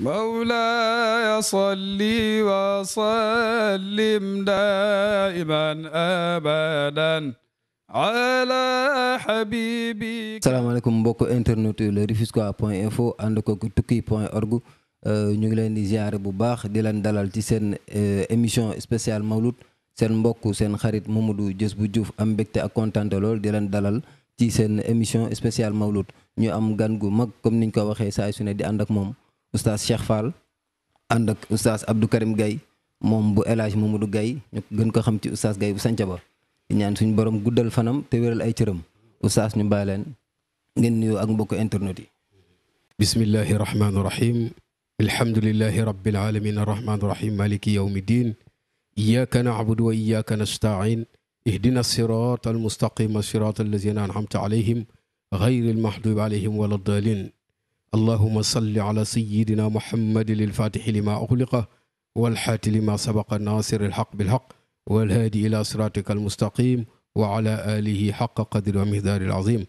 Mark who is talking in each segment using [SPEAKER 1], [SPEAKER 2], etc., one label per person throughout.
[SPEAKER 1] مولاي صل وسلم دائما ابدا على حبيبي
[SPEAKER 2] salaamaaleykum mbokk internet le Rufisquois point info ànd ko tukki point org ñu ngi leen di ziare bu baax di leen dalal ci seen émission spéciale Mawlud seen mbokk seen xarit Mamadou Diës bu Diouf am mbégte ak kontaante lool di leen dalal ci seen émission spéciale Mawlud ñu am gan gu mag comme niñ ko waxee saa su ne di ànd ak moom. استاذ شيخ فال عندك استاذ عبد الكريم جاي موم بو الاج مومودو جاي نيو كو خامتي استاذ جاي بو سانتابا نيان سوني بروم گودال فنام تي ويرال اي تيرم استاذ ني بايلن گن نيو اك مبوكو انترنيتي بسم الله الرحمن
[SPEAKER 3] الرحيم الحمد لله رب العالمين الرحمن الرحيم مالك يوم الدين اياك نعبد واياك نستعين اهدنا الصراط المستقيم صراط الذين انعمت عليهم غير المحدود عليهم ولا الضالين اللهم صل على سيدنا محمد للفاتح لما أغلق والحات لما سبق الناصر الحق بالحق والهادي إلى صراطك المستقيم وعلى آله حق قدر ومهدار العظيم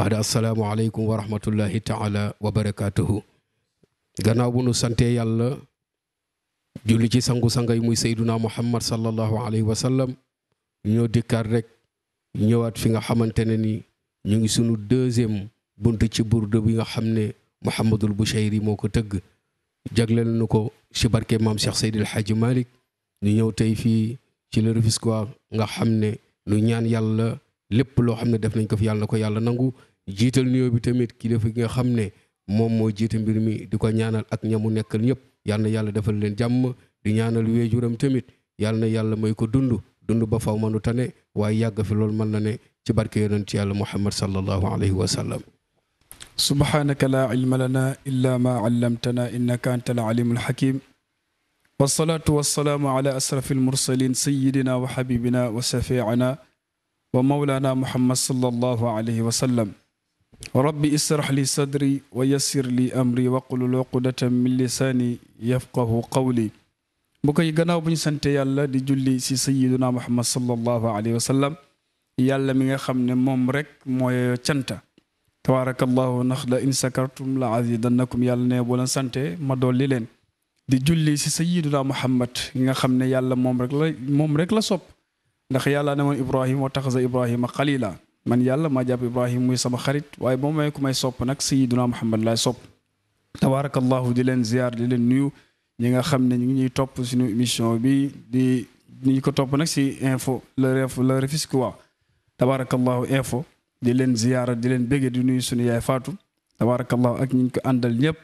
[SPEAKER 3] بعد السلام عليكم ورحمة الله تعالى وبركاته غنابون سنتي الله جولي جي سنغو سنغي موي سيدنا محمد صلى الله عليه وسلم نيو ديكار ريك نيوات فيغا خامتاني نيغي سونو دوزيم بونتي تشي بوردو بيغا خامني Mouhamadul Bouchayri moo ko tëgg jagleel nu ko ci barke maam Cheikh Seydil Hadji Malick ñu ñëw tey fii ci le nga xam ne ñaan yàlla lépp loo xam def nañ ko fi yàlla na ko yàlla nangu jiital nuyoo bi tamit kilifa gi nga xam ne moom moo mbir mi di ñaanal ak ñamu nekkal ñëpp yàlla na yàlla defal leen jàmm di ñaanal weejuram tamit yàlla na yàlla may ko dund dund ba faw manu tane waaye yàgg fi loolu mën na ne ci barke yonent yàlla Muhammad sallallahu alayhi wa
[SPEAKER 1] سبحانك لا علم لنا إلا ما علمتنا إنك أنت العليم الحكيم والصلاة والسلام على أسرف المرسلين سيدنا وحبيبنا وشفيعنا ومولانا محمد صلى الله عليه وسلم ربي اسرح لي صدري ويسر لي أمري وقل عقدة من لساني يفقه قولي بكي غناو بن سنت يالا دي جولي سي سيدنا محمد صلى الله عليه وسلم يالا ميغا خامن موم رek moy tianta tabaarakallaahu ndax la in sakartum la azidannakum yàlla ne boo leen sante ma dolli leen di julli si sayyiduna muhammad yi nga xam ne yàlla moom rek la moom rek la sopp ndax yàlla ne woon ibrahima wa taxasa ibrahima xalila man yàlla maa jàpp ibrahima muy sama xarit waaye boo may ku may sopp nag sayyiduna muhammad laay sopp tabaarakallaahu di leen ziar di leen nuyu ñi nga xam ne ñu ngi ñuy topp suñu émission bi di ñu ko topp nag si info Lerefisquois tabaarakallaahu info di leen ziyaara di leen bége di nuyu suñu yaay faatu tabarakallahu ak ñi ko àndal ñëpp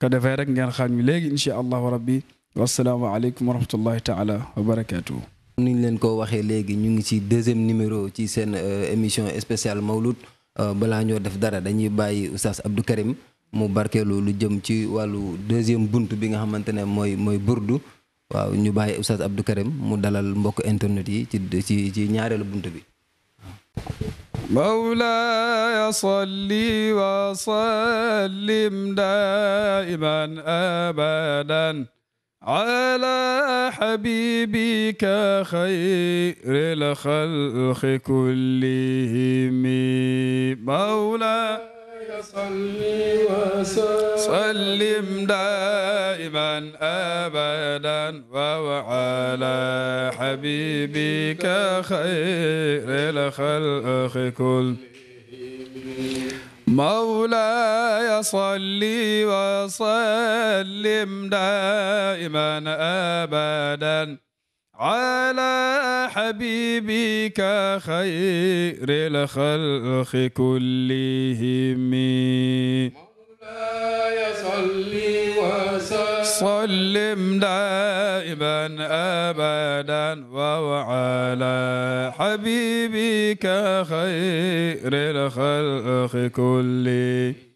[SPEAKER 1] ko
[SPEAKER 2] defee rek ngeen xaar ñu léegi incha allahu rabbi wasalaamu aleykum wa rahmatullahi taala wa barakatuhu ni ñu leen ko waxee léegi ñu ngi ci deuxième numéro ci seen euh, émission spéciale Mawlud euh, balaa ñoo def dara dañuy bàyyi oustaz Abdou Karim mu barkeelu lu jëm ci wàllu deuxième bunt bi nga xamante ne mooy mooy burdu waaw ñu bàyyi oustaz Abdou Karim mu dalal mbokk internet yi ci ci ci ñaareelu bunt bi
[SPEAKER 1] مولاي صلي وسلم دائما ابدا على حبيبك خير الخلق كلهم مولاي سلم دائما ابدا وعلى حبيبك خير الخلق كل مولاي صلي وسلم دائما ابدا على حبيبك خير الخلق كلهم مولاي صلي وسلم دائما ابدا وعلى حبيبك خير الخلق كلهم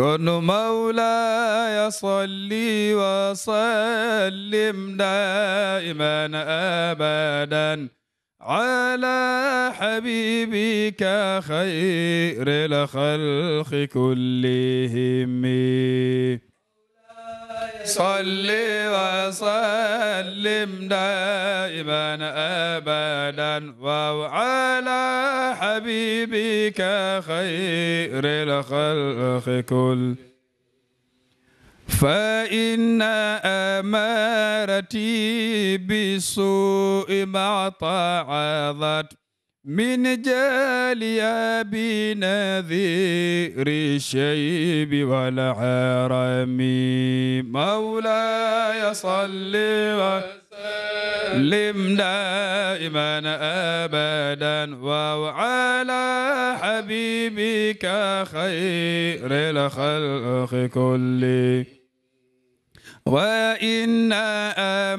[SPEAKER 1] كن مولاي صلي وسلم دائما ابدا على حبيبك خير الخلق كلهم صل وسلم دائما ابدا وعلى حبيبك خير الخلق كل فإن أمارتي بسوء ما تعظت من جالي أبي نذير الشيب والعرم مولاي صل وسلم دائما أبدا وعلى حبيبك خير الخلق كله وإن أمارتي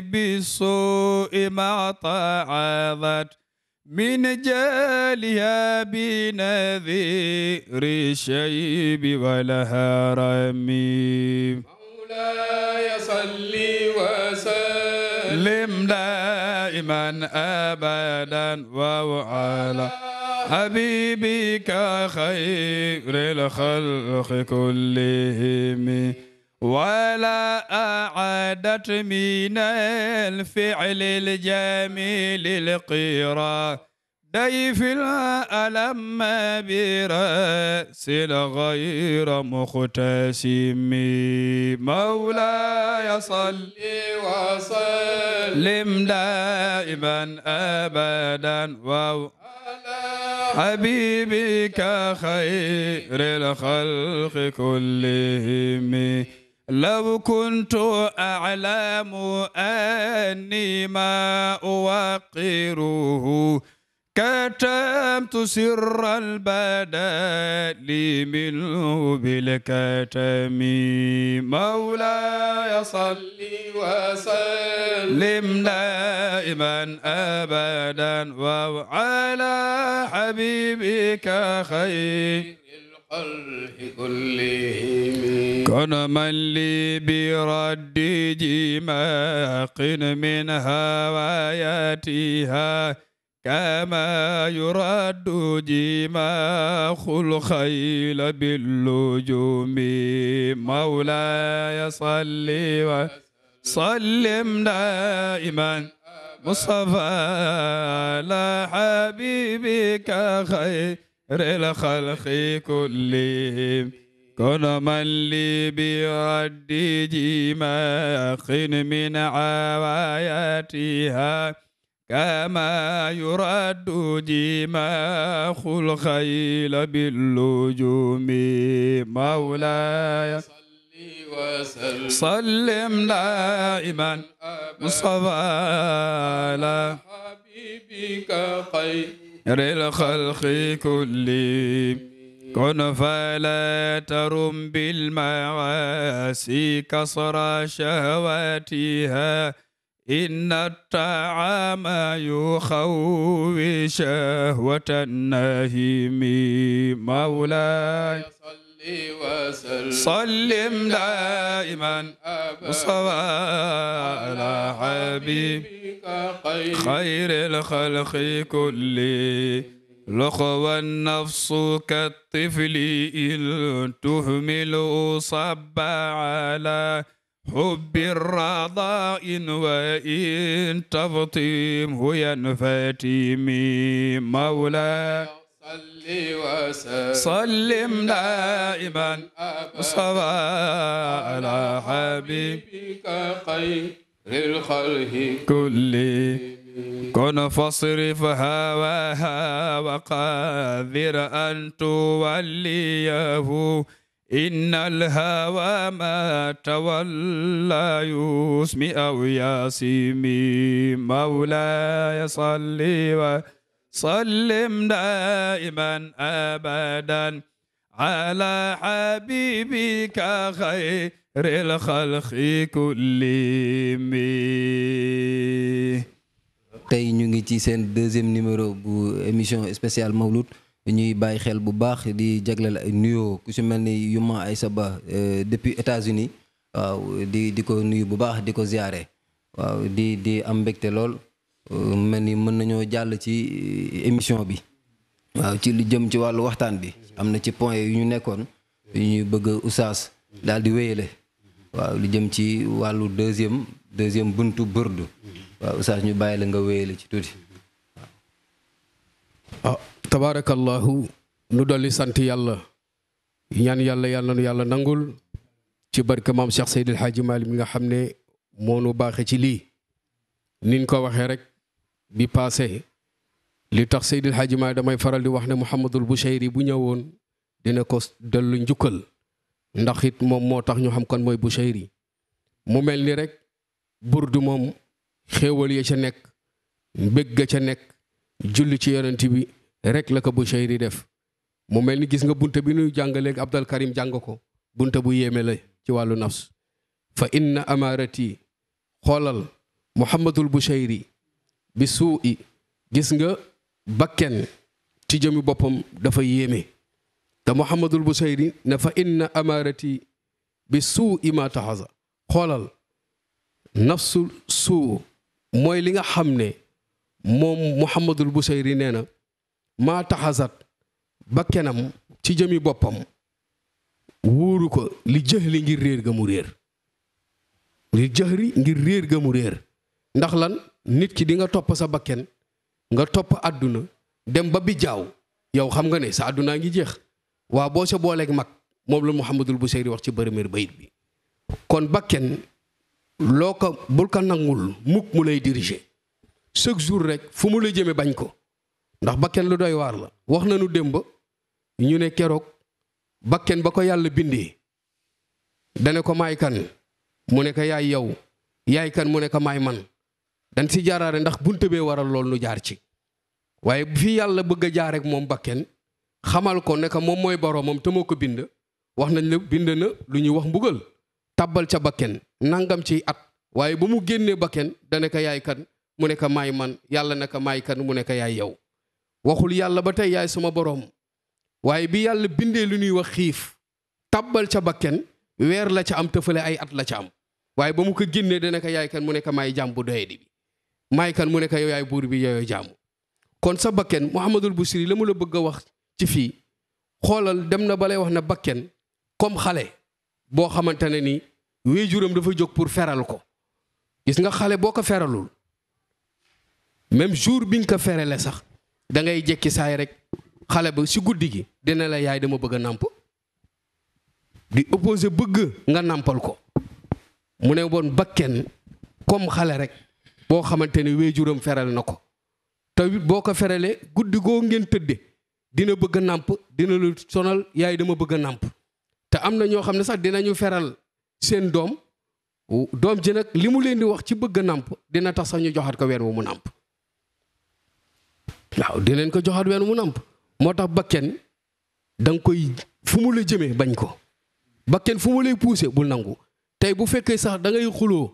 [SPEAKER 1] بالسوء ما طعذت من جالها بنذير الشيب ولها رمي مولاي صلي وسلم دائما أبدا وعلا حبيبك خير الخلق كلهم ولا أعادت من الفعل الجميل القراء ضيف الألم برأس الغير مختسم مولاي صل وسلم دائما أبدا وأبدا حبيبك خير الخلق كلهم لو كنت أعلم أني ما أوقره كتمت سر البدل منه بالكتم مولاي صل وسلم دائما ابدا وعلى حبيبك خير كن من لي برد جماق من هواياتها كما يراد جماخ الخيل باللجوم مولاي صل وسلم دائما مصطفى على حبيبك خير الخلق كلهم كن من لي برد جماخ من عواياتها كما يرد دماء الخيل باللجوم مولاي صلم دائما مصطفى على حبيبك خير الخلق كلهم كن فلا ترم بالمعاصي كسر شهواتها إن الطعام يخوي شهوة النهيم مولاي صلِّم دائما مصطفى على حبيبك خير الخلق كل لخوى النفس كالطفل إن تهمل صب على حب الرضا إن وإن تفطمه ينفتمي مولاي سلم دائما صلى على حبيبك خير
[SPEAKER 3] الخلق
[SPEAKER 1] كل كن فاصرف هواها وقادر أن توليه إن الهوى ما تولى يسمي أو ياسمي مولاي صلي وسلم دائما أبدا على حبيبك خير الخلق كلهم
[SPEAKER 2] tey ñu ngi ci seen deuxième numéro bu émission spéciale ñuy bàyyi xel bu baax di jagleel ay nuyoo ku si mel ni Yuma Aysa Ba euh, depuis États-Unis waaw di di ko nuyu bu baax di ko ziare waaw di di am mbégte lool euh, mel ni mën nañoo jàll ci euh, émission bi waaw ci lu jëm ci wàllu waxtaan bi am na ci point yu ñu nekkoon yu ñuy bëgg oustaz daal di wéyale waaw lu jëm ci wàllu deuxième deuxième buntu burdu waaw oustaz ñu bàyyi la nga wéyale ci tuuti
[SPEAKER 3] tabarakallahu nu doli sant yalla ñaan yalla yalla nu yalla nangul ci barke maam Cheikh Seydil Hadji Malick mi nga xamne mo nu baxé ci li niñ ko waxé rek bi passé li tax Seydil Hadji Malick damay faral di wax ne bushairi bu ñewoon dina ko delu ndax it mom mo tax ñu xam kon moy bushairi mu melni rek burdu mom xewal ya ca nek begg ga ca nekk julli ci yonenti bi rek la ko Buchayri yi def mu melni gis nga bunte bi nuy jangale ak Abdal Karim jangako bunte bu yeme la ci walu nafs fa inna amarati kholal Muhammadul Buchayri bi suu gis nga bakken ci jëmi boppam dafa yeme ta Muhammadul Buchayri na fa inna amarati bi suu ma tahaza kholal nafsul su moy li nga xamne mom Muhammadul Buchayri neena maa taxasat ba kenam ci jëmi boppam wóoru ko li jëxli ngir réer mu réer li ngir réer ga mu réer ndax lan nit ki di nga topp sa bakken nga topp àdduna dem ba bi jaaw yow xam nga ne sa àddunaa ngi jeex waa boo sa booleek mag moom la bu Muhammadul Busayri wax ci bërëméer bayit bi kon bakken loo ko bul ko nangul mukk mu lay diriger chaque jour rek fu mu la jëme bañ ko ndax bakken lu doy waar la wax na nu démb ñu ne keroog bakken ba ko yàlla bindee dane ko maay kan mu ne ko yaay yow yaay kan mu ne ko maay man dañ si jaaraare ndax bunte bee waral lool nu jaar ci waaye bu fii yàlla bëgg a jaar rek moom bakken xamal ko ne ko moom mooy boroomam te moo ko bind wax nañ la bind na lu ñuy wax mbugal tàbbal ca bakken nangam ci at waaye ba mu génnee bakken dane ko yaay kan mu ne ko maay man yàlla ne ko maay kan mu ne ko yaay yow waxul yàlla ba tey yaay sama boroom waaye bi yàlla bindee lu ñuy wax xiif tabbal ca bakken weer la ca am tëfale ay at la ca am waaye ba mu ko génnee dana ko yaay kan mu ne ko maay jaam bu doyadi bi maay kan mu ne ko yow yaay buur bi yooyu jaamu kon sa bakken Mouhamadul Busiri la mu la bëgg a wax ci fii xoolal dem na balay wax na bakken comme xale boo xamante ne ni wéejuram dafa jóg pour feral ko gis nga xale boo ko feralul même jour biñ ko ferale sax da ngay jékki saay rek xale ba si guddi gi dina la yaay dama bëgg a nàmp di opposé bëgg nga nàmpal ko mu ne woon bakken comme xale rek boo xamante ne weejuram feral na ko tawit boo ko feralee guddi goo ngeen tëdde dina bëgg a nàmp dina lu sonal yaay dama bëgg a nàmp te am na ñoo xam ne sax dinañu feral seen doom doom ji nag li mu leen di wax ci bëgg a nàmp dina tax sax ñu joxat ko weer wu mu nàmp waaw di leen ko joxaat wenn mu namp moo tax bakken da nga koy fu mu la jëmee bañ ko bakken fu mu lay poussé bu nangu tey bu fekkee sax da ngay xuloo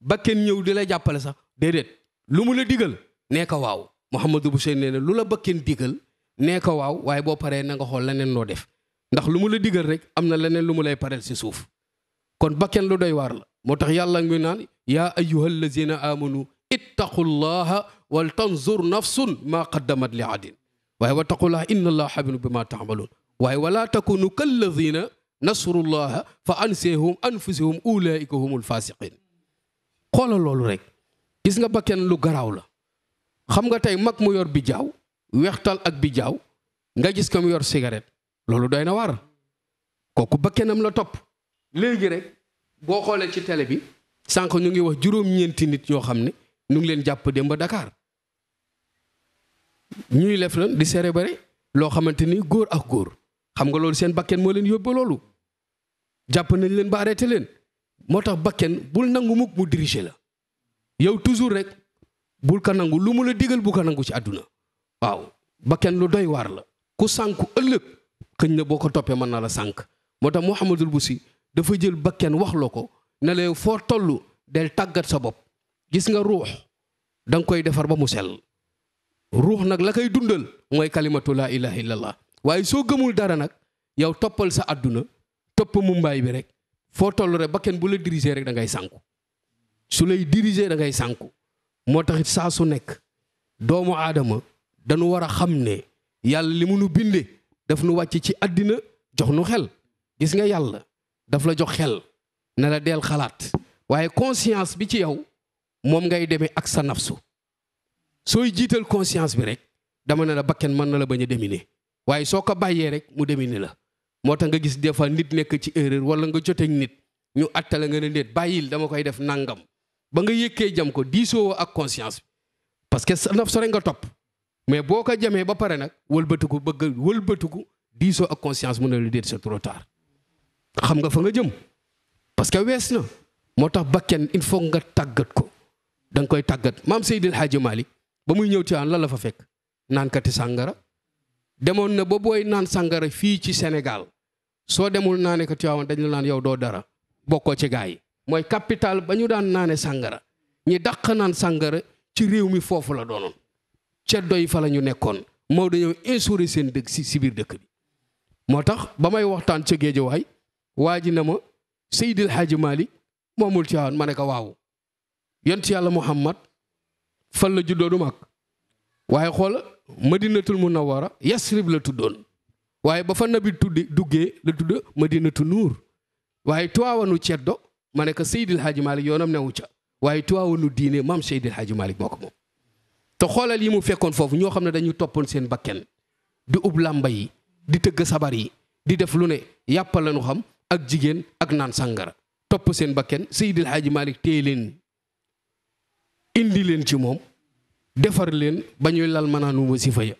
[SPEAKER 3] bakken ñëw di la jàppale sax déedéet lu mu la digal nee ko waaw Mouhamadou Boucher nee na lu la bakken digal nee ko waaw waaye boo paree na nga xool leneen loo def ndax lu mu la digal rek am na leneen lu mu lay pareel si suuf kon bakken lu doy waar la moo tax yàlla ngi naan yaa ayyuhal lazina amanu ittaqullaha ولتنظر نفس ما قدمت لعد وهي wattaqu ان الله llaaha بما تعملون وهي ولا تكونوا كالذين kallaziina الله فانسيهم انفسهم اولئك هم الفاسقين قال لول ريك loolu nga bakken lu garaaw la xam nga tay mak mu yor bi jaw wextal ak bi jaw nga gis kam yor cigarette lolou doyna war waar bakkenam la top legi rek bo xolé ci télé bi sank ñu ngi wax juroom ñenti nit ño xamne ñu ngi leen jàpp demba Dakar ñuy lef lan di sere bare loo xamante ni góor ak góor xam nga loolu seen bakken moo leen yóbbu loolu jàpp nañ leen ba leen moo tax bakken bul nangu mukk mu diriger la yow toujours rek bul ko nangu lu mu la digal bu ko nangu ci àdduna waaw bakken lu doy waar la ku sànku ëllëg xëñ na boo ko toppee mën na la sànk moo tax moo Mouhamadul Bussi dafa jël bakken wax loo ko ne la foo tollu del tàggat sa bopp gis nga ruux da koy defar ba mu sell ruux nag la koy dundal mooy kalimatu laa ilaha illallah waaye soo gëmul dara nag yow toppal sa àdduna topp mu bi rek foo tollu rek ba kenn bu la diriger rek da ngay sànku su lay diriger da ngay sànku moo taxit saa su nekk doomu aadama dañu war a xam ne yàlla li mu nu binde daf nu wàcc ci àddina jox nu xel gis nga yàlla daf la jox xel ne la deel xalaat waaye conscience bi ci yow moom ngay demee ak sa nafsu sooy jiital conscience bi rek dama ne la bakken mën na la bañ a déminer waaye soo ko bàyyee rek mu déminer la moo tax nga gis des fois nit nekk ci erreur wala nga joteeg nit ñu attale nga ne déet bàyyil dama koy def nangam ba nga yëkkee jam ko diisoo ak conscience bi parce que sa naf sore nga topp mais boo ko jamee ba pare nag wëlbatiku bëgg wëlbatiku diisoo ak conscience mu ne la déet sa trop tard xam nga fa nga jëm parce que wees na moo tax bakken il faut nga tàggat ko da nga koy tàggat maam Seydil Hadji ba muy ñëw Tiwaawan lan la fa fekk naankati sàngara demoon na ba booy naan sàngara fii ci Sénégal soo demul naane ko Tiwaawan dañu la naan yow doo dara bokkoo ci gaa yi mooy capital ba ñu daan naane sàngara ñi daq naan sàngara ci réew mi foofu la doonoon ceddo doy fa la ñu nekkoon moo dañoo instauré seen dëkk si biir dëkk bi moo tax ba may waxtaan ca géejawaay waa ji na ma Seydil Hadji Malick moomul Tiwaawan ma ne ko waaw yont yàlla Muhammad fan la juddoo du mag waaye xool madinatul munawwara yasrib la tuddoon waaye ba fa nabi tuddi duggee la tudd dinatu nuur waaye tuwaawanu ceddo ma ne ko Seydil Hadji Malick yoonam newu ca waaye tuwaawanu diine maam Seydil Hadji Malick moo ko moom te xoolal yi mu fekkoon foofu ñoo xam ne dañu toppoon seen bakken di ub làmba yi di tëgg sabar yi di def lu ne yàppa lañu xam ak jigéen ak naan sàngara topp seen bakken Seydil Hadji Malick téye leen indi leen ci moom defar leen ba ñuy lal manaanu wasifa ya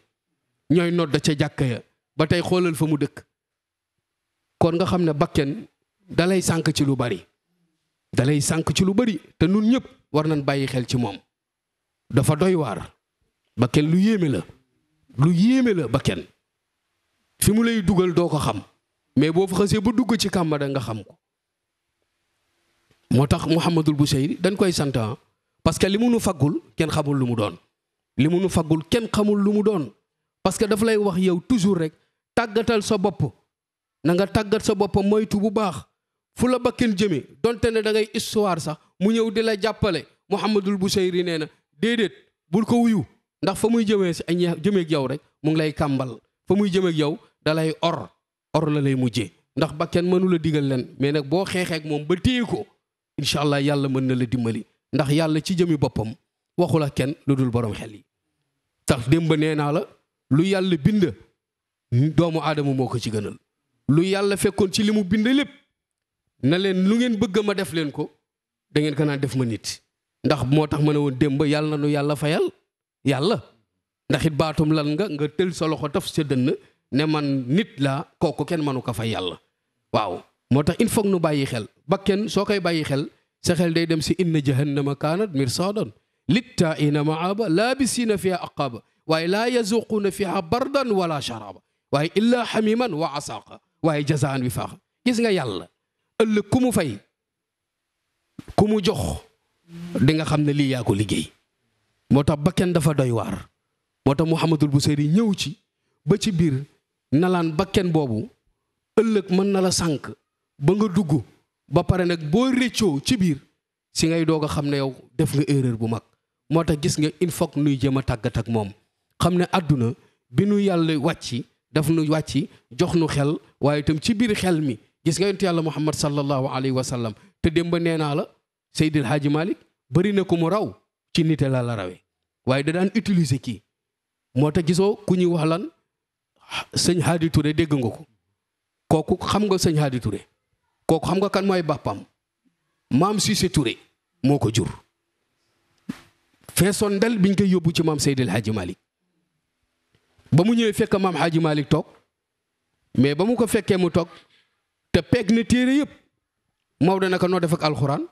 [SPEAKER 3] ñooy nodda ca jàkk ya ba tey xoolal fa mu dëkk kon nga xam ne bakken dalay sànk ci lu bari dalay sànk ci lu bari te nun ñëpp war nañ bàyyi xel ci moom dafa doy waar bakken lu yéeme la lu yéeme la bakken fi mu lay dugal doo ko xam mais boo fa xasee ba dugg ci kàmba nga xam ko moo tax Mouhamadul Bouchayri dañ koy sant ah, parce que li mënu nu faggul kenn xamul lu mu doon li mu nu kenn xamul lu mu doon parce que dafa lay wax yow toujours rek tàggatal sa bopp na nga tàggat sa bopp moytu bu baax fu la bakkan jëme donte ne da ngay histoire sax mu ñëw di la jàppale Mouhamadul Busayri nee na déedéet bul ko wuyu ndax fa muy jëmee si ay jëmeeg yow rek mu ngi lay kàmbal fa muy jëmeeg yow dalay lay or or la lay mujjee ndax bakken mënu la digal leen mais nag boo xeexeek moom ba téye ko incha allah yàlla mën na la dimbali ndax yàlla ci jëmi boppam waxu la kenn lu dul boroom xel yi tax démb nee naa la lu yàlla bind doomu aadama moo ko ci gënal lu yàlla fekkoon ci li mu bind lépp na leen lu ngeen bëgg ma def leen ko da ngeen ko naan def ma nit ndax moo tax ma ne woon démb yàlla na nu yàlla fayal yàlla ndaxit baatum lan nga nga tël sa loxo taf sa dënn ne man nit la kooku kenn mënu ko fay yàlla waaw moo tax il faut nu bàyyi xel ba kenn soo koy bàyyi xel سخل دي دمسي إن جهنم كانت مرصادا للتائين معابا لابسين فيها أقابا وهي لا يزوقون فيها بردا ولا شرابا وهي إلا حميما وعصاقا وهي جزاء وفاقا كيسنا يلا اللي كومو فاي كومو جوخ دينا خمنا لي ياكو لجي موتا بكين دفا دايوار موتا محمد البسيري نيوشي بچي بير نالان بكين بوبو اللي من نالا سانك بنغا دوغو ba pare nag boo rëccoo ci biir si ngay doog xam ne yow def nga erreur bu mag moo tax gis nga il faut que nuy jëm a tàggat ak moom xam ne àdduna bi nu yàlla wàcc wàcci daf nu wàcci jox nu xel waaye itam ci biir xel mi gis nga yonent yàlla muhammad sallallahu alayhi wa sallam te dem ba nee naa la Seydil Hadji Malick bëri na ko mu raw ci nite la la rawee waaye da daan utiliser kii moo tax gisoo ku ñuy wax lan sëñ Hadi dégg nga ko kooku xam nga sëñ Hadi kooku xam nga kan mooy bàppam maam Cissé Touré moo ko jur feesoon ndel biñ koy yóbbu ci maam Seydil Hadji Malick ba mu ñëwee fekk maam Hadji Malick toog mais ba mu ko fekkee mu toog te peeg ne téere yëpp Maodo naka noo def ak alxuraan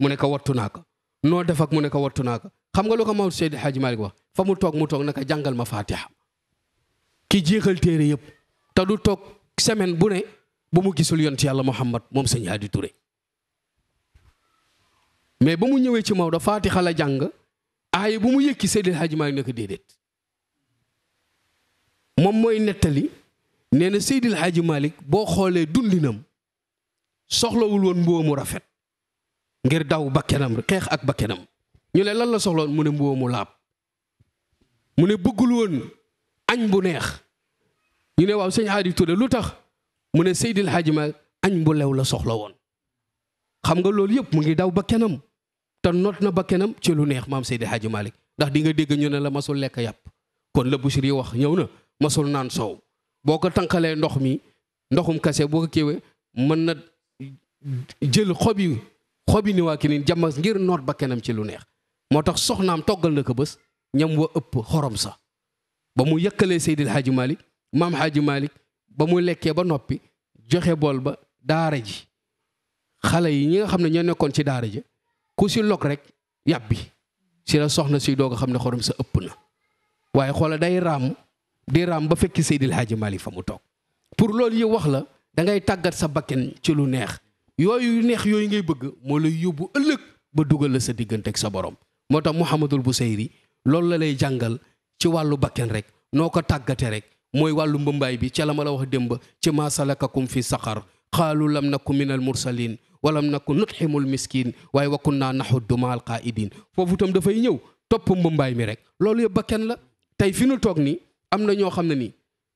[SPEAKER 3] mu ne ko wattu naa ko noo def ak mu ne ko wattu naa ko xam nga lu ko Maodo Seydil Hadji Malick wax fa mu toog mu toog naka jàngal ma Fatiha ki jéexal téere yëpp te du toog semaine bu ne. ba mu gisul yont yàlla Muhammad moom sëñ Hadi Touré mais ba mu ñëwee ci Maodo Faatixa la jàng aaye bu mu yëkki Seydil Hadji Malick nekk déedéet moom mooy nettali nee na Seydil Hadji Malick boo xoolee dundinam soxlawul woon mbubb mu rafet ngir daw bakkenam xeex ak bakkenam ñu ne lan la soxlawoon mu ne mbubb mu laab mu ne bëggul woon añ bu neex ñu ne waaw sëñ Hadi lu tax mu ne Seydil Hadji Malick añ bu lew la soxla woon xam nga loolu yëpp mu ngi daw ba kenam te noot na ba kenam ci lu neex maam Seydil Hadji Malick ndax di nga dégg ñu ne la masul lekk yàpp kon la bu Bichri yi wax ñëw na masul naan soow boo ko tànqalee ndox mi ndoxum kase boo ko kéwee mën na jël xob yi xob yi ni waa ki nin ngir noot ba kenam ci lu neex moo tax soxnaam toggal na ko bés ñam wa ëpp xorom sax ba mu yëkkalee Seydil Hadji Malick maam Hadji Malick ba mu lekkee ba noppi joxe bolba ba daara ji xale yi ñi nga xamne ñoo nekkon ci daara ji ku si lok rek yabbi ci la soxna si doga xamne xorom sa ëpp na waye xol day ram di ram ba fekki Seydil Hadji mali famu tok pour lool yi wax la da ngay tagat sa bakken ci lu neex yooyu neex yoy ngay bëgg mo lay yobbu ëlëk ba duggal la sa digënté ak sa borom motax tax Busayri la lay jangal ci walu bakken rek noko ko rek mooy wàllu mbëmbaay bi ca la ma la wax démb ci maa salakakum fi saqar qaalu lam naku min al mursalin walam naku nutximul miskin waaye wakun naa naxuddu ma al qaidin foofu itam dafay ñëw topp mbëmbaay mi rek loolu yëpp ba la tey fi nu toog nii am na ñoo xam ne nii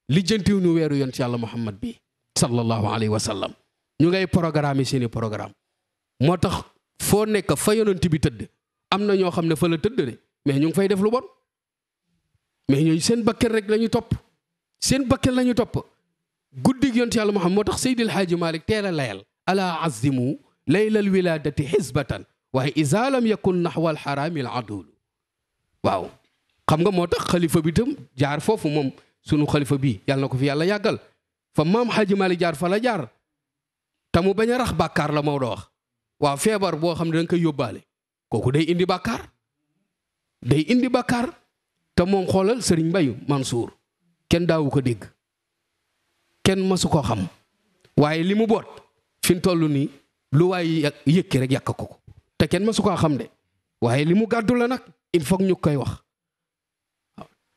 [SPEAKER 3] lijjantiw ñu weeru yont yàlla muhammad bi sallallahu alayhi wa sallam ñu ngay programme yi seeni programme moo tax foo nekk fa yonent bi tëdd am na ñoo xam ne fa la tëdd de mais ñu ngi fay def lu mais ñooñu seen bakkan rek la topp seen bakkan la ñu topp guddig yonti yàlla Muhammad moo tax Seydil Malik teel layal alaa azimu laylal wiladati xisbatan waaye isa lam yakun naxwa alxaraami al adulu waaw xam nga moo khalifa xalifa bi tam jaar foofu moom sunu khalifa bi yàlla na ko fi yàlla yàggal fa maam Haaji Malik jaar fa la jaar te mu bañ a rax bàkkaar la Maodo wax waaw feebar boo xam ne koy yóbbaale kooku day indi bàkkaar day indi bàkkaar te moom xoolal sëriñ bayu Mansour kenn daawu ko dégg kenn masu koo xam waaye li mu boot fi mu toll nii lu waay yëkki rek yàq ko ko te kenn masu koo xam de waaye li mu gàddu la nag il faut ñu koy wax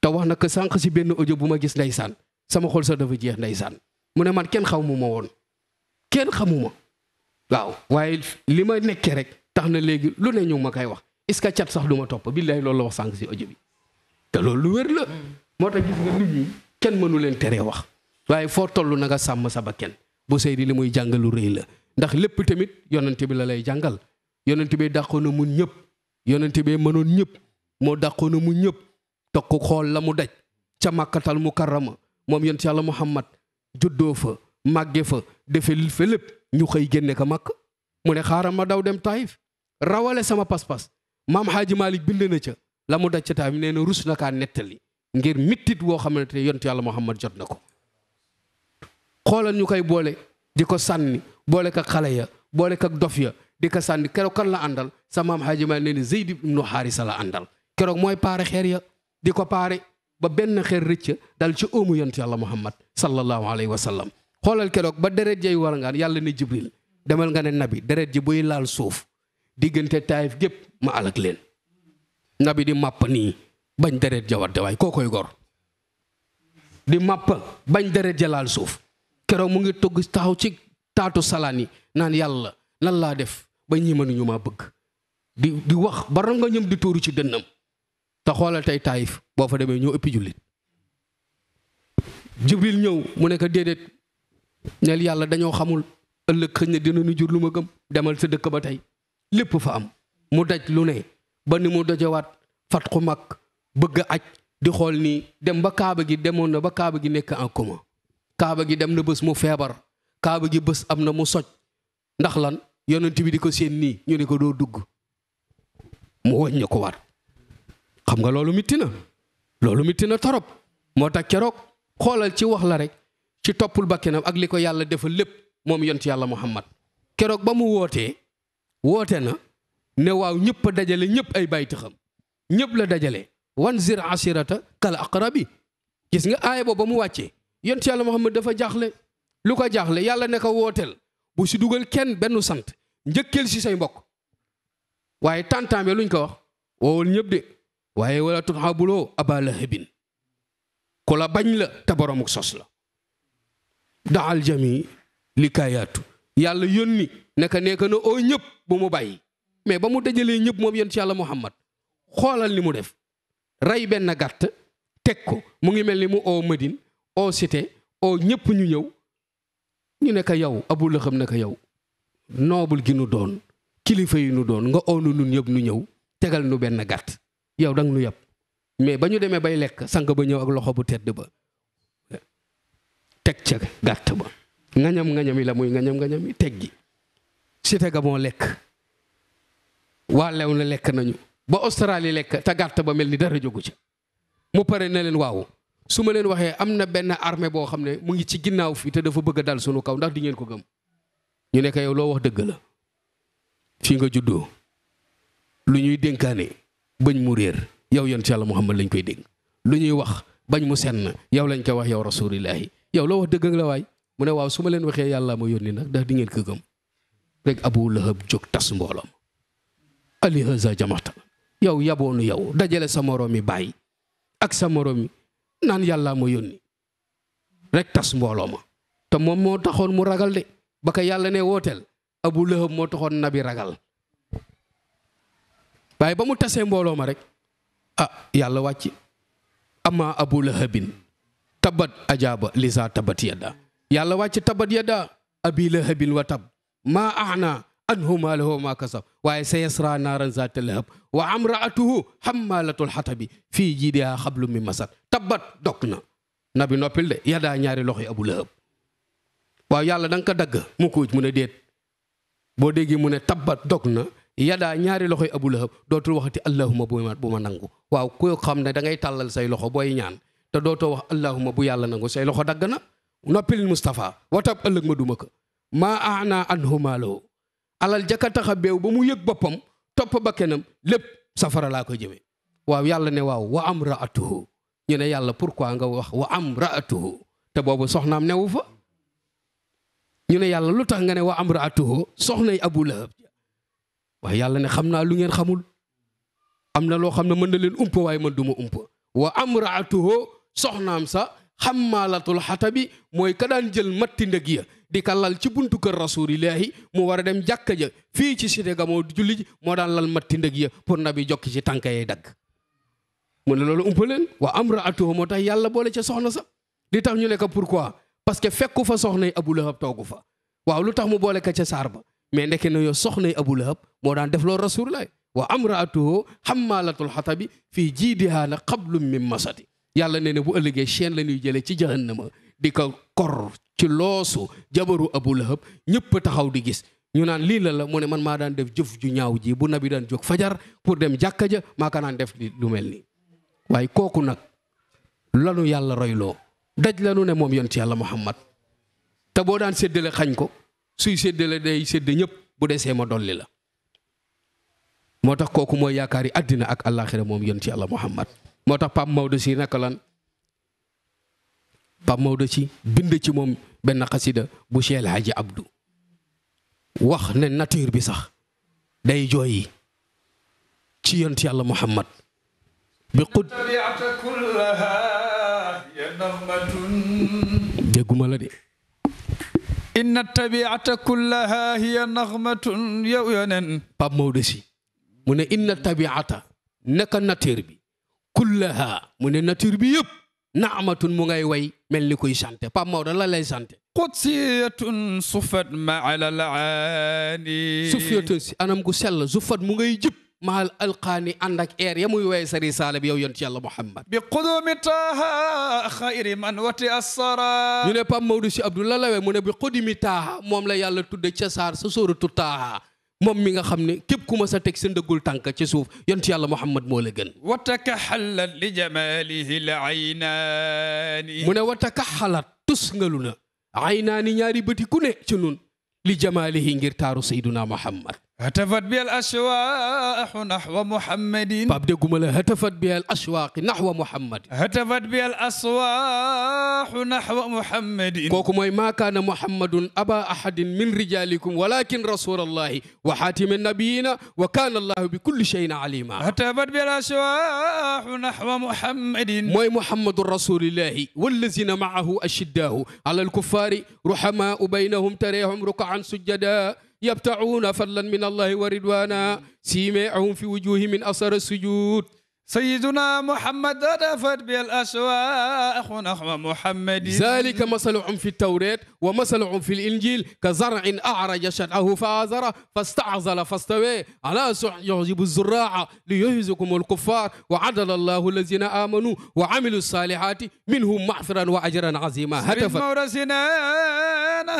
[SPEAKER 3] te wax na ko sànq si benn audio bu ma gis ndeysaan sama xol sa dafa jeex ndeysaan mu ne man kenn xamu ma woon kenn xamuma waaw waaye li ma nekkee rek tax na léegi lu ne ñu ma koy wax est-ce que cat sax lu ma topp billahi loolu la wax sànq si audio bi te loolu lu wér la mm. moo tax gis nga nit ñi kenn mënu leen teree wax waaye foo tollu na nga sàmm sa bakkan bu sey di li muy jàngalu rëy la ndax lépp tamit yonent bi la lay jàngal yonent bi dàqoon na mun ñëpp yonent bi mënoon ñëpp moo dàqoon na mu ñëpp tokk xool la mu daj ca màkkatal mu karama moom yonent yàlla muhammad juddoo fa màgge fa defe fa lépp ñu xëy génne ko màkk mu ne xaaral ma daw dem taayif rawale sama pas-pas maam xaaji malik bind na ca la mu daj ca taayif nee na rus na kaa nettali ngir mitit wo xamante ne yalla muhammad jot nako xolal ñukay boole di ko sànni boole ko xale ya boole ka dof ya di sanni sànni kan la andal sa mam Haaji Maalik nee zaid ibn ibnu la andal keroog moy paré xeer ya di paré ba ben xeer rëcc dal ci oumu yontu yalla muhammad sallallahu alayhi wa sallam xoolal keroog ba deret jey war nga yalla ne jibril demal nga ne nabi deret ji buy laal suuf diggante taif gep ma alak leen nabi di màpp nii bañ deret jawante waay koo gor di màpp bañ deret jalaal suuf keroog mu ngi togg taxaw ci taatu salaan salaani naan yàlla lan laa def ba ñii mënuñu maa bëgg di di wax ba ranga ñëm di tuuru ci dënnam te xoolal tey taayif boo fa demee ñoo ëpp jullit jibril ñëw mu nekk déedéet neel yàlla dañoo xamul ëllëg xëñ na dina ñu jur lu ma gëm demal sa dëkk ba tey lépp fa am mu daj lu ne ba ni mu dajawaat fatxu mag bëgg a aj di xool nii dem ba kaaba gi demoon na ba kaaba gi nekk en commun kaaba gi dem na bés mu feebar kaaba gi bës am na mu soj ndax lan yonent bi di ko seen nii ñu ne ko doo dugg mu wàññi ko war xam nga loolu mitti na loolu mitti na torop moo tax keroog xoolal ci wax la rek ci toppul bakkenam ak li ko yàlla defal lépp moom yonent yàlla muhammad keroog ba mu wootee woote na ne waaw ñëpp dajale ñëpp ay baytaxam ñëpp la dajale wan wanzir asirata kal aqrabi gis nga aaya ba mu wàccee yonent yàlla Muhammad dafa jaaxle lu ko jaaxle yàlla ne ko wooteel bu si dugal kenn bennu sant njëkkeel si say mbokk waaye tàntaam luñ ko wax woowul ñëpp de waaye wala tunxabuloo aba lahabin ku la bañ la te boroomu sos la daal jami li kaayaatu yàlla yónni naka nekka na oo ñëpp bu mu bàyyi mais ba mu dajalee ñëpp moom yonent yàlla Muhammad xoolal ni mu def rey benn gàtt teg ko mu ngi mel ni mu oo Madine oo Cité oo ñëpp ñu ñëw ñu nekk ko yow Abu Lahab ne ko yow noobul gi nu doon kilifa yi nu doon nga oonu nun yëpp nu ñëw tegal nu benn gàtt yow dang nu yëpp mais ba ñu demee bay lekk sang ba ñëw ak loxo bu tedd ba teg ca gàtt ba ngañam ngañam yi la muy ngañam ngañam yi teg gi Cité moo lekk waa lew na lekk nañu ba Australie lekk te gàtt ba mel ni dara jógu ca mu pare na leen waaw su ma leen waxee am na benn armée boo xam ne mu ngi ci ginnaaw fii te dafa bëgg dal sunu kaw ndax di ngeen ko gëm ñu nekk yow loo wax dëgg la fii nga juddoo lu ñuy dénkaane bañ mu réer yow yonent Yàlla Muhammad lañ koy dégg lu ñuy wax bañ mu senn yow lañ koy wax yow rasulillahi yow loo wax dëgg la waay mu ne waaw su ma leen waxee yàllaa ma yónni nag ndax di ngeen ko gëm rek Abu Lahab jóg tas mbooloom ali haza jamata yow yaboonu yow dajale sa moroomi baay ak sa moroomi naan yàllaa ma yónni rek tas mbooloo ma te moom moo taxoon mu ragal de ba ko yàlla ne wooteel abu lëhëb moo taxoon nabi ragal waaye ba mu tasee mbooloo ma rek ah yàlla wàcc ama abu lëhëbin tabat ajaaba lisa tabat yadda yàlla wàcc tabat yadda abi lëhëbin wa tab maa axna عنه ما له ما كسب وسيسرى نارا ذات اللهب وعمرأته حمالة الحطب في جيدها خبل من مسد تبت دقنا نبي نوبل دي يدا نياري لخي أبو لهب ويالا دنك دق مكوج من ديت بوديجي من تبت دقنا يدا نياري لخي أبو لهب دوتر وقت اللهم بوما بوما نانغو واو كوي قام ندنغي تالل سي لخو بوي نيان تدوتو وقت اللهم بو يالا نانغو سي لخو دقنا نوبل مصطفى وطب ألق مدومك ما أعنى عنه ماله alal jaka tax a beew ba mu yëg boppam topp ba kenam lépp safara laa ko jëmee waaw yàlla ne waaw wa am raatuhu ñu ne yàlla pour pourquoi nga wax wa am raatuhu te boobu soxnaam newu fa ñu ne yàlla lu tax nga ne wa am raatuhu soxnay abu lahab yàlla ne xam naa lu ngeen xamul am na loo xam ne mën na leen umpa waaye man du ma wa amraatuhu soxnaam sa xammaalatul xatabi mooy ka daan jël matti ndëg ya di ka lal ci buntu kër rasulillahi mu war a dem jàkka ja fii ci cité gamoo julli ji moo daan lal matti ndëg ya pour nabi jokki ci tànk yay dagg mu ne loolu umpa leen wa amraatuhu moo tax yàlla boole ca soxna sax di tax ñu ne pour pourquoi parce que fekku fa soxnay abu lahab toogu fa waaw lu tax mu boole ko ca saar ba mais ndeke na yoo soxnay abu lahab moo daan def loolu rasulillahi wa amraatuhu xammaalatul xatabi fii jiidihaa na xablum min masati yàlla nee ne bu ëllëgee chaîne la ñuy jëlee ci jahannama di ko kor ci loosu jabaru abu lahab ñëpp taxaw di gis ñu naan lii la la mu ne man maa daan def jëf ju ñaaw ji bu nabi daan jóg fajar pour dem jàkka ja maa ka naan def lu mel ni waaye kooku nag lanu yàlla royloo daj lanu ne moom yonti yàlla muhammad te boo daan séddale xañ ko suy séddale day sédd ñëpp bu desee ma dolli la moo tax kooku mooy yaakaari àddina ak àllaaxira moom yonti yàlla muhammad moo tax Pape Maodo si naka lan Pape Maodo ci bind ci moom benn xasida bu Cheikh El Hadji wax ne nature bi sax day jooyi ci yont yàlla Muhammad bi xud dégguma la de
[SPEAKER 1] inna tabiata kullaha hiya
[SPEAKER 3] naxmatun yow yonen Pape Maodo si mu ne inna tabiata naka nature bi kullaha mu ne nature bi yëpp naamatun mu ngay way mel ni kuy chanté Pape Maodo la lay chanté
[SPEAKER 1] qudsiyatun sufat ma ala alaani
[SPEAKER 3] sufiyatun si anam gu sell sufat mu ngay jib maal alqaani ànd ak air ya muy woye sa risaala bi yow yonti yàlla Muhammad
[SPEAKER 1] bi qudumi taaha xayri man wati
[SPEAKER 3] assara ñu ne Pape Maodo si Abdou la way mu ne bi qudumi taaha moom la yàlla tudde ca saar sa sóoratu taaha moom mi nga xam ne képp ku ma sa teg sa ndëggul tànk ci suuf yonent yàlla Muhammad moo la gën
[SPEAKER 1] wa takaxalat li jamalihi l aynaani mu ne wa takaxalat
[SPEAKER 3] tus ngalu na aynaani ñaari bëti ku ne ci nun li jamalihi ngir taaru sayduna Muhammad
[SPEAKER 1] هتفت بها الأشواق نحو محمد باب دقم هتفت بها الأشواق نحو محمد هتفت بها الأصواح
[SPEAKER 3] نحو محمد كوكما ما كان محمد أبا أحد من رجالكم ولكن رسول الله وحاتم النبيين وكان الله بكل شيء عليما هتفت بها الأشواق نحو محمد موي محمد رسول الله والذين معه أشداه على الكفار رحماء بينهم تريهم ركعا سجدا يبتعون فضلا من الله ورضوانا سيمعهم في وجوههم من أثر السجود سيدنا محمد رفت بالأسواق نحو
[SPEAKER 1] محمد
[SPEAKER 3] ذلك مثل في التوراة ومثل في الإنجيل كزرع أعرج شرعه فآزر فاستعزل فاستوى على سح يعجب الزراع ليهزكم الكفار وعدل الله الذين آمنوا وعملوا الصالحات منهم معفرا وأجرا عظيما هتفت
[SPEAKER 1] مورسنا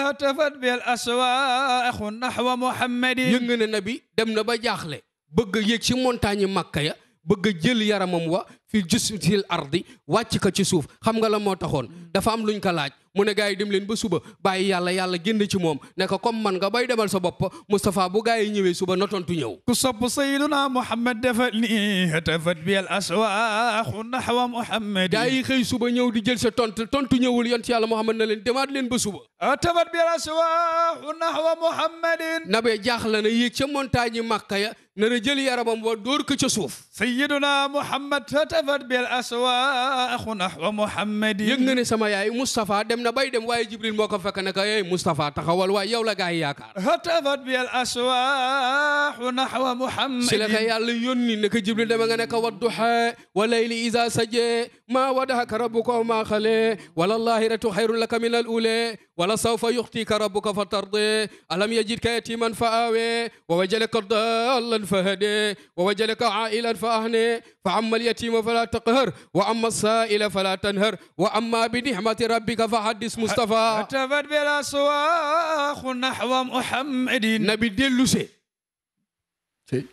[SPEAKER 1] هتفت بالأسواق نحو
[SPEAKER 3] محمد ينجن النبي دمنا بجاخله بقى يكشي مونتاني مكة bëgg a jël yaramam wa fi justil ardi wàcc ko ci suuf xam nga la moo taxoon dafa am lu ñu ko laaj mu ne gars yi dem leen ba suba bàyyi yàlla yàlla génn ci moom ne ko comme man nga bay demal sa bopp Moustapha bu gars yi ñëwee suba na tontu ñëw
[SPEAKER 1] ku sopp sayyiduna Muhammad defal ni tafat bi al aswaaxu naxwa Muhammad gars yi xëy suba ñëw di jël sa tontu tontu ñëwul yont
[SPEAKER 3] yàlla Muhammad na leen demaat leen ba suba ah, tafat bi al aswaaxu naxwa Muhammadin nabe jaaxle na yéeg ca montagne Makka ya nara jël yaramam wa dóor ko ca suuf sayiduna Muhammad tafat bi al aswaaxu naxwa Muhammadin yëg nga ne sama yaay Moustapha dem na bay dem waaye jibril moo ko fekk ne ko ey Moustapha taxawal waaye yow la gaa yi yaakaar hatafat bi al aswahu nahwa muhammad si la ko yàlla yónni ne ko jibril dama nga ne ko wadduha wa layli isa saje ma wadahaka rabbuka wa ma xale wala lahiratu xayrun laka min al ule ولسوف يخطيك ربك فترضي ألم يجدك يتيما فآوي ووجلك ضالا فهدي ووجلك عائلا فأهني فأما اليتيم فلا تقهر وأما السائل فلا تنهر وأما بنعمة ربك
[SPEAKER 1] فحدث مصطفى هتفت بلا سواخ نحو محمد نبي دلوسي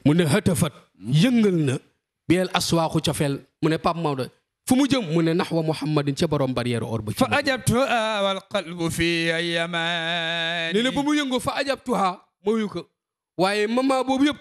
[SPEAKER 3] من هتفت ينقلنا بيل أسواق شفل من باب مودة fu mu jëm mu ne naxwa muhammadin ca borom barrière or ba.
[SPEAKER 1] fa ajabtuha wal qalbu fi yamani. nee na ba mu yëngoo fa ajabtuha ma wuyu
[SPEAKER 3] ko waaye mama boobu yëpp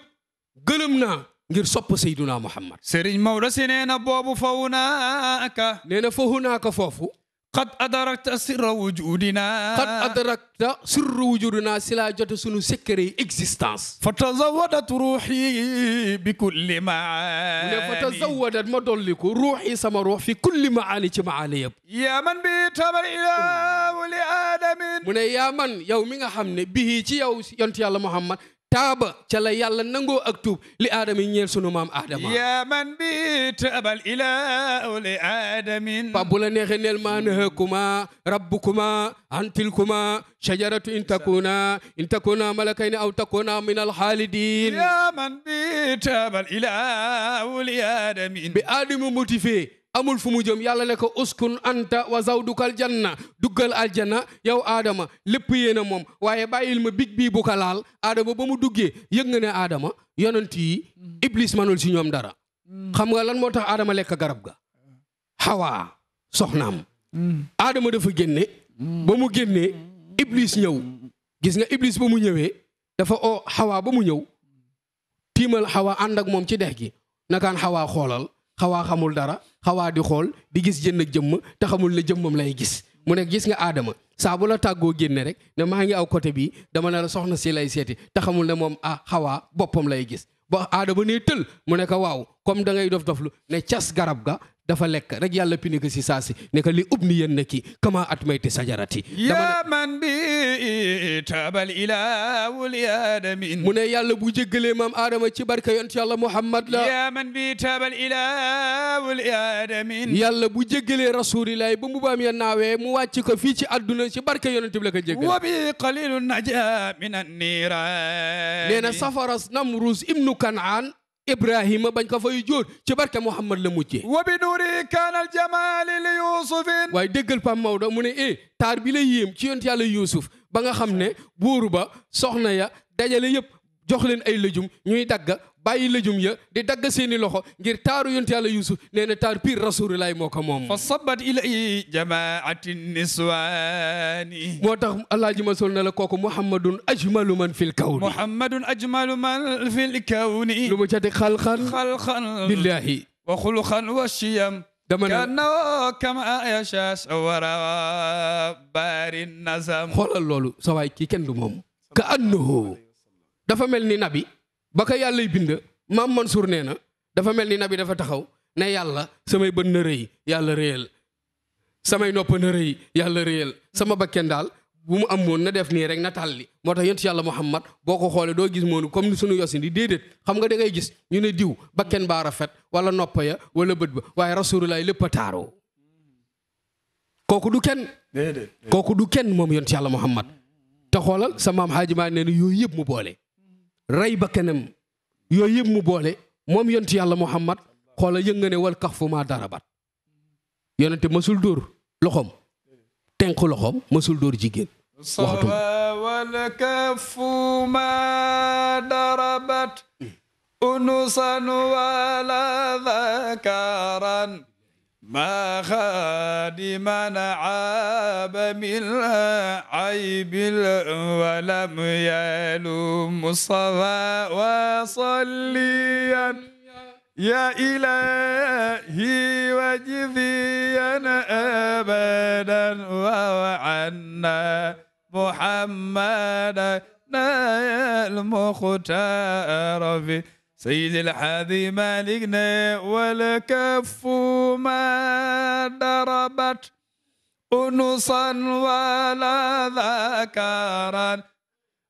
[SPEAKER 3] gëlëm naa ngir sopp Seydina Muhammad. Serigne
[SPEAKER 1] Maodo si nee na boobu faw naa ka. nee na faw naa ka foofu. قد أدركت سر وجودنا قد أدركت سر وجودنا سلا جد سنو سكري إكزيستانس فتزودت روحي بكل معاني فتزودت مدلك روحي سما في كل معاني معاني يا من بيتمر إله ولآدم
[SPEAKER 3] من يا من يومين حمني به تي ينتي الله محمد taaba ca la yàlla nangoo ak tuub li aadama yi ñeel sunu maam aadama yaa man bi taabal ilaahu li aadamin pa bu neel maa nahakuma rabbukuma an shajaratu in takuna in takuna malakayni aw takuna min alxaalidin yaa bi aadamin bi amul fu mu jëm yàlla ne ko uskun anta wa zawduka aljanna duggal aljanna yow aadama lépp yéen a moom waaye bàyyil ma big bii bu ko laal aadama ba mu duggee yëg nga ne aadama yonent yi iblis manul si ñoom dara xam nga lan moo tax aadama lekk garab ga xawaa soxnaam aadama dafa génne ba mu génnee iblis ñëw gis nga iblis ba mu ñëwee dafa oo xawaa ba mu ñëw tiimal xawaa ànd ak moom ci dex gi nakaan xawaa xoolal xawaa xamul dara xawaa di xool di gis jënn jëmm te xamul ne jëmmam lay gis mu ne gis nga aadama saa bu la tàggoo génne rek ne maa ngi aw côté bii dama ne la soxna si lay seeti te xamul ne moom ah xawaa boppam lay gis ba aadama nee tël mu ne ko waaw comme dangay ngay dof doflu ne cas garab ga dafa lekk rek yàlla pini ko si saasi ne ko li ubni yéen na kii kama at mayti sajarati yaa
[SPEAKER 1] man bi tabal ilaahu li aadamin
[SPEAKER 3] mu ne yàlla bu jéggalee maam aadama ci barke yonent yàlla muhammad la yaa man bi tabal
[SPEAKER 1] ilaahu li aadamin yàlla
[SPEAKER 3] bu jéggalee rasulillahi ba mu baam ya naawee mu wàcc ko
[SPEAKER 1] fii ci adduna ci barke yonent bi la ko jéggal wa bi qalilu naja min an nee na
[SPEAKER 3] safaras namrus ibnu kanaan ابراهيم بن كفو يجور تبارك محمد لموتي وبنوري كان الجمال ليوسف ويدقل فمو دموني اي تاربي ليهم تيونتي على يوسف بغا خمني بوربا سخنايا دجال يب jox leen ay lëjum ñuy dagga bàyyi lëjum ya di dagga seeni loxo ngir taaru yonent
[SPEAKER 1] yàlla yusuf nee na taar piir rasulilaay moo ko moom fa sabat ilay jamaatin niswaani moo tax
[SPEAKER 3] alaaji ma sol na la kooku muhammadun ajmalu man fil kawni muhammadun
[SPEAKER 1] ajmalu man fil kawni lu mu ca di xalxan xalxan billaahi wa xuluxan wa siyam dama ne kannoo kama yashaas wara baari nasam xoolal loolu sa waay kii kenn du moom ka annahu
[SPEAKER 3] dafa mel ni nabi ba ko yàllay bind maam Mansour nee na dafa mel ni nabi dafa taxaw ne yàlla samay bët na rëy yàlla réyal samay nopp na rëy yàlla réyal sama bakken daal bu mu am amoon na def nii rek na tàlli moo tax yonent yàlla Muhammad boo ko xoolee doo gis moonu comme sunu yosin di déedéet xam nga da ngay gis ñu ne diw bakken baa rafet wala nopp ya wala bët ba waaye rasulullah lépp a taaroo kooku du kenn kooku du kenn moom yonent yàlla Muhammad te xoolal sa maam Haaji maa nee na yooyu mu boole rey ba kenam yooyu yëpp mu boole moom yontu yàlla muhammad xoola yëg nga ne wal kax darabat yonente masul dóor loxoom tenq loxoom masul dóor jigéen waxtu
[SPEAKER 1] wal kafu darabat mm. unusan wala dhakaran ما خادما عاب من عيب ولم يلو مصطفى وصليا يا إلهي وجزيا أبدا ووعنا محمدا المختار في سيد الحادي مالكنا والكف ما ضربت أنصا ولا ذكرا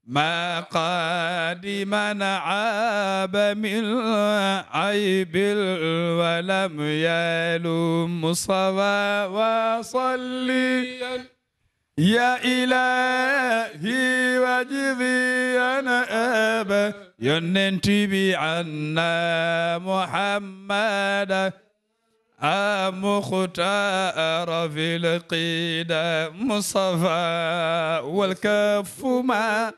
[SPEAKER 1] ما قادما عاب من عيب ولم يلوم صفا وصلي يا إلهي وجدي أنا أبا يننت عنا محمد مختار في القيد مصطفى والكف ما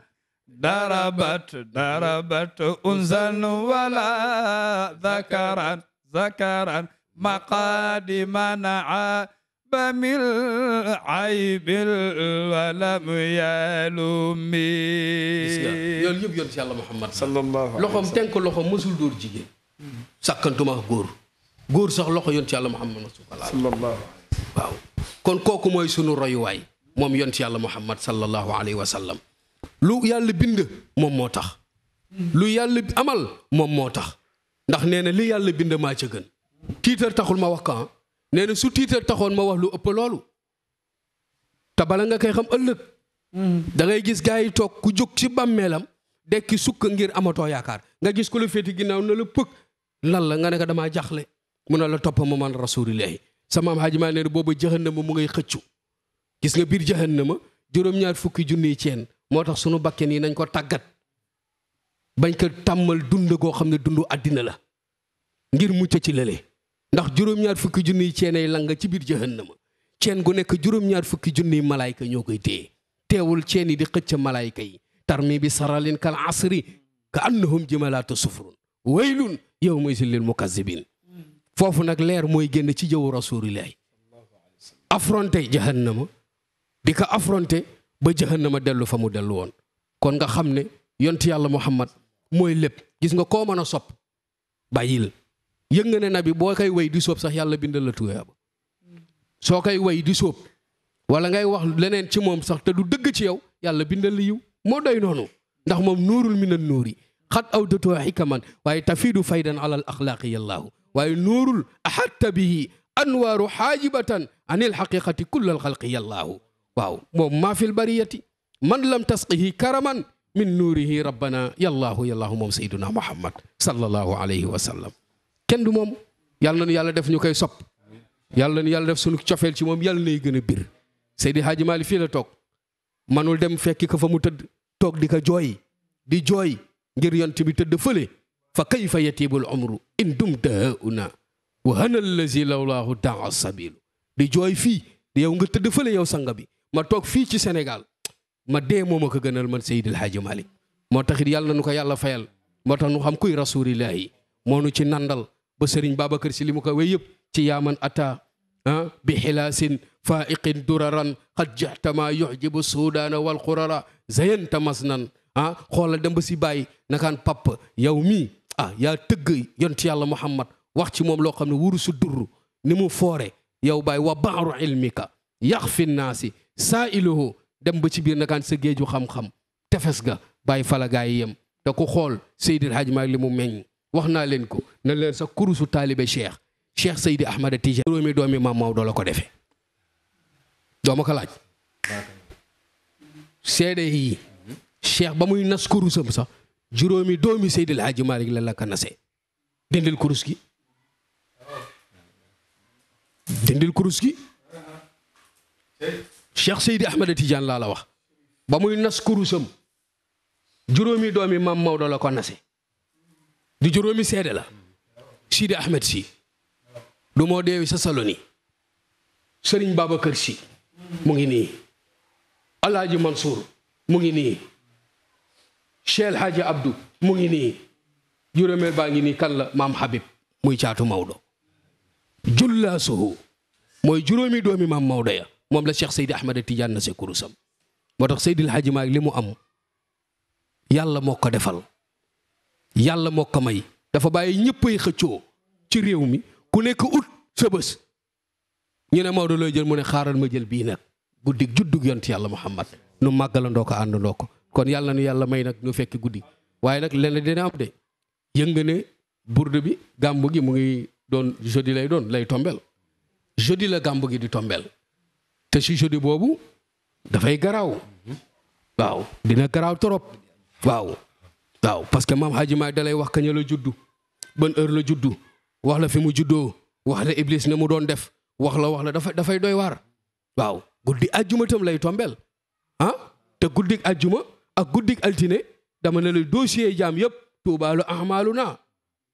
[SPEAKER 1] ضربت ضربت أنزا ولا ذكرا ذكرا مقادمنا من العيب ولم يلم yoon yëpp yoon si yàlla
[SPEAKER 3] Muhammad sallallahu loxoom tenk
[SPEAKER 1] loxo mësul dóor jigéen
[SPEAKER 3] sàkkantuma góor góor sax loxo yoon si yàlla Muhammad sallallahu waaw kon kooku mooy sunu royuwaay moom yoon si yàlla Muhammad sallallahu alayhi wa sallam lu yàlla bind moom moo tax lu yàlla amal moom moo tax ndax nee na li yàlla bind maa ca gën tiitar taxul ma wax ka nee na su tiital taxoon ma wax lu ëpp loolu te bala nga koy xam ëllëg mm. da gis gars yi toog ku jóg ci bàmmeelam dekki sukk ngir amatoo yaakaar nga gis ko la féeti ginnaaw na la pëg lan la nga ne ko damaa jaxle mu na la topp ma man rasulillahi sama maam Haji maa nee na booba jahannama mu ngay xëccu gis nga biir jahannama juróom-ñaar fukki junniy ceen moo tax suñu bakken yi nañ ko tàggat bañ ko tàmmal dund koo xam ne dund àddina la ngir mucc ci lële ndax juróom-ñaar fukki junniy ceenay langa ci biir jahannama ceen gu nekk juróom-ñaar fukki junniy malaayka ñoo koy téye teewul ceen yi di xëcc malaayka yi tarmi bi saralin kal asri ka annahum jimalaatu sufrun waylun yawma isin lil mukazzibin foofu nag leer mooy génn ci jëwu rasulillahi affronté jahannama di ko affronté ba jahannama dellu fa mu dellu woon kon nga xam ne yont yàlla muhammad mooy lépp gis nga koo mën a sopp bàyyil yëg nga ne nabi boo koy way di sóob sax yàlla bindal la tuyaaba soo koy way di sóob wala ngay wax leneen ci moom sax te du dëgg ci yow yàlla bindal la yiw moo doy noonu ndax moom nuurul minan nuuri xat aw datoo xikaman waaye tafiidu faydan ala al axlaaqi yallaahu waaye nuurul axatta bihi anwaaru xaajibatan anil xaqiqati kull al xalqi yallaahu waaw moom maa fil bariyati man lam tasqihi karaman min nuurihi rabbana yallaahu yallaahu moom sayduna muhammad sallallahu alayhi wa sallam kenn du moom yàlla na nu yàlla def ñu koy sopp yàlla na nu yàlla def suñu cofeel ci moom yàlla nay gën a bir Seydi Hadji Malick fii la toog manul dem fekki ko fa mu tëdd toog di ko jooy di jooy ngir yont bi tëdd fële fa kayfa yatibul umru in dumta hauna wa hana allazi lawlaahu daa sabilu di jooy fii di yow nga tëdd fële yow sanga bi ma toog fii ci Sénégal ma dee moom a ko gënal man Seydi Hadji Malick moo taxit yàlla na nu ko yàlla fayal moo tax nu xam kuy rasulillahi moo ba sëriñ Babacar si li mu ko wéy yëpp ci yaaman ata ah bi xilaasin faiqin duraran xat jaxtama yuxjibu suudaana wal xurara zayanta mas nan ah, xoolal dem ba si bàyyi nakaan papp yow mii ah yaa tëgg yonti yàlla muhammad wax ci moom loo xam ne wuru su ni mu foore yow bàyyi wa baaru ilmika yax fi saa iluhu dem ba ci biir nakaan sa géeju xam-xam tefes ga bàyyi fala gaay yem te ku xool Seydil Hadj Malick li mu meññ wax naa leen ko ne leen sa kurusu taalibe cheikh cheikh Seydi Ahmada Tidiane juróomi doomi maam Maodo la ko defee doo cheikh ba muy nas kurusam sax juróomi doomi Seydil Hadji Malick la la kurus gi dindil kurus gi cheikh Seydi Ahmada Tidiane laa la wax ba muy nas kurusam juróomi doomi maam Maodo la ko nase du juróomi seede la Sidi Ahmed si du moo deewi sa saloni sëriñ Babacar si mu ngi nii alaaji Mansour mu ngi nii Cheikh Hadji Abdou mu ngi nii juróomeel baa ngi nii kan la maam Habib muy caatu Maodo jullaasuhu mooy juróomi doomi maam Maodo ya moom la Cheikh Seydi Ahmed Tidiane na sekurusam moo tax Seydil Hadji Malick li mu am yàlla moo ko defal yàlla moo ko may dafa bàyyi ñëppay xëccoo ci réew mi ku nekk ut sa bés ñu ne Maodo looy jël mu ne xaaral ma jël bii nag guddi juddug yont yàlla Muhammad nu màggalandoo ko àndandoo ko kon yàlla nu yàlla may nag ñu fekk guddi waaye nag leneen dina am de yënga ne bourde bi gàmb gi mu ngi doon jeudi lay doon lay tombel jeudi la gàmb gi di tombel te si jeudi boobu dafay garaaw mhm. waaw dina garaaw trop waaw waaw parce que maam Hadji Maalik dalay wax kañ la juddu ban heure la judu, wax la fi mu Iblis nemu mu doon def wax la wax la dafa dafay doy waar waaw guddi ajjuma tam lay tombeel ah te aju ajjuma ak guddik altine dama ne la dossier jaam yëpp tuubaalu ahmaalu ahmaluna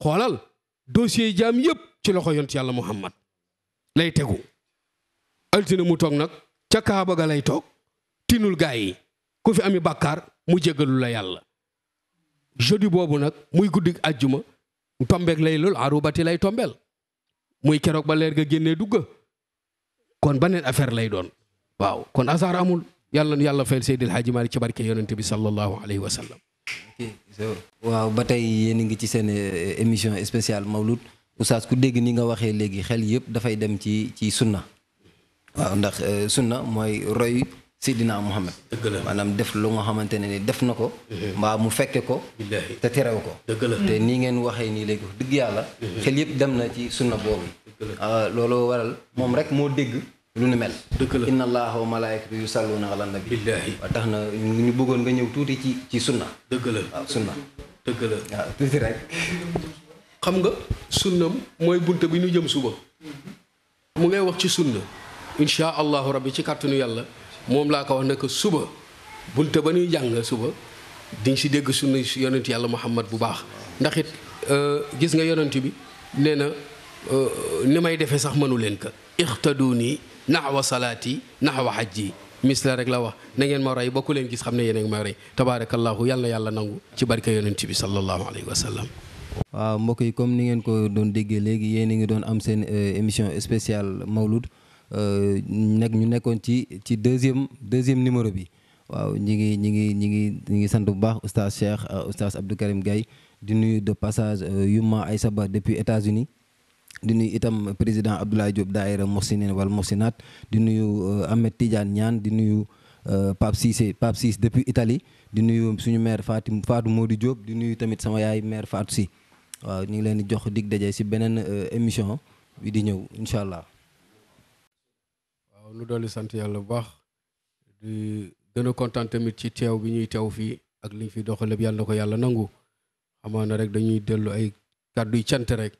[SPEAKER 3] xoolal dossier jaam yëpp ci loxo yont yàlla muhammad lay tegu altine mu toog nag ca kaaba ga lay toog tinul gaa yi ami bakar, mu jeudi boobu nag muy guddi àjjuma tombeek lay loolu arubati lay tombeel muy keroog ba leer ga génnee dugga kon ba neen affaire lay doon waaw kon hasard amul yàlla yàlla fayal Seydil Hadji ci barke yonente bi sallallahu alayhi wa sallam
[SPEAKER 2] waaw ba tey yéen ngi ci seen eh, émission spéciale Mawlud oustaz ku dégg ni nga waxee léegi xel yëpp dafay dem ci ci sunna waaw ndax eh, sunna mooy roy Seydina Muhammad maanaam def lu nga xamante ne ni def na ko mhm. mbaa mu fekkee ko te terew ko te nii ngeen waxee nii léegi dëgg yàlla mhm. xel yëpp dem na ci sunna boobu ah, loolu waral moom rek moo dégg lu ni mel inna allaha wa malaikatu yusalluna ala nabi waaw tax na ñu bëggoon nga ñëw tuuti ci ci sunna dëgg la waaw ah, sunna ah, tuuti rek xam nga sunnam
[SPEAKER 3] mooy bunt bi ñu jëm suba mu ngay wax ci sunna insha allahu rabbi ci kàttanu yàlla moom laa ko wax na que suba bunte ba nuy jàng suba diñ si dégg suñu yonent yàlla Muhammad bu baax ndax it euh, gis nga yonent bi nee na euh, ni may defee sax mënu leen ko ixtadu nii naxwa salaati naxwa xajji mis la rek la wax na ngeen ma rey ba ku leen gis xam ne yéen a ngi ma rey tabaarakallaahu yàlla yàlla nangu ci barke yonent bi sallallahu alayhi wa sallam
[SPEAKER 2] waaw mbokk yi comme ni ngeen ko doon déggee léegi yéen a ngi doon am seen euh, émission spéciale Mawlud Euh, nekk ñu nekkoon ci ci deuxième deuxième numéro bi waaw ñi ngi ñi ngi ñi ngi ñi ngi sant bu baax oustaz Cheikh euh, oustaz Abdou Karim di nuyu de passage euh, Yuma ay Ba depuis États-Unis di nuyu itam président jóob Diop daayira Moxsinin wala Moxsinat di nuyu Ahmed Tidiane ñaan di nuyu Pape Cissé Pape Cissé depuis itali di nuyu suñu maire Fatim moo di Diop di nuyu tamit sama yaay maire Fatou si waaw ñu ngi leen di jox dig daje si beneen émission bi di ñëw incha allah.
[SPEAKER 3] waaw nu dolli sant yàlla bu baax di gën kontaan tamit ci teew bi ñuy teew fii ak liñ fi doxal lépp yàlla na ko yàlla nangu na rek dañuy dellu ay kàdduy cant rek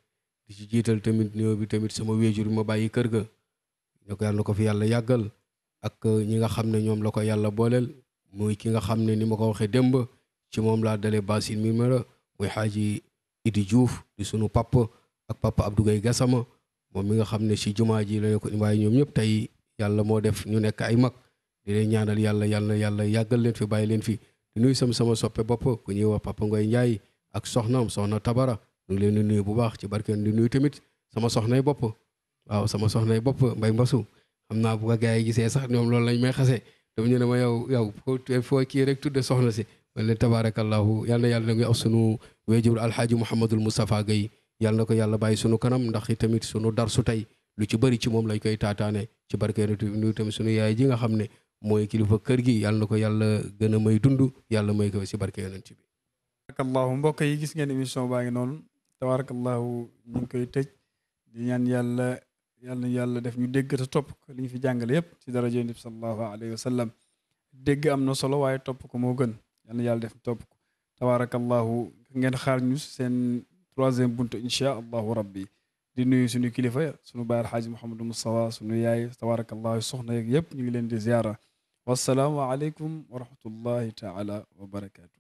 [SPEAKER 3] di ci jiital tamit néew bi tamit sama wéjur bi ma bàyyi kër ga ne ko yàlla ko fi yàlla yàggal ak ñi nga xam ne ñoom la ko yàlla booleel muy ki nga xam ne ni ma ko waxee démb ci moom laa dalee basin mi mara muy xaaji Idi Diouf di sunu papa ak papa Abdou Gaye Gassama moom mi nga xam ne ci jumaa ji la ne ko waaye ñoom ñëpp tey yàlla moo def ñu nekk ay mag di ñaanal yàlla yàlla yàlla yàggal leen fi bàyyi leen fi di nuyu sam sama soppe bopp ku ñuy wax Papa Njaay ak soxnaam soxna Tabara ñu leen nuy bu baax ci barkeen di nuyu tamit sama soxnay bopp waaw sama soxnay bopp mbay mbasu xam naa bu ko gars yi gisee sax ñoom loolu lañ may xase dama ñu ne ma yow yow foo kii rek tudd soxna si man leen tabaarakallahu yàlla yàlla na ngi ak sunu wéejur alxaaji Mouhamadul Moustapha Gueye yàlla na ko yàlla bàyyi sunu kanam ndax i tamit sunu dar su tey lu ci bëri ci moom lañ koy taataane ci barke yonent bi nuyu tam suñu yaay ji nga xam ne mooy kilifa kër gi yàlla na ko yàlla gën a may dund yàlla may ko si barke yonent bi
[SPEAKER 1] tabarakallahu mbokk yi gis ngeen émission baa ngi noonu tabarakallahu ñu ngi koy tëj di ñaan yàlla yàlla na yàlla def ñu dégg te topp ko li ñu fi jàngale yëpp ci daraja yonent bi sallallahu alayhi wa sallam dégg am na solo waaye topp ko moo gën yàlla na yàlla def ñu topp ko tabarakallahu ngeen xaar ñu seen troisième buntu inchaa allahu di nuyu suñu kilifa suñu baay alxaaji Mouhamadou mustafa suñu yaay allah soxna yeb ñu ngi leen di ziyara wassalamu alaykum wa rahmatullahi taala wa barakatuh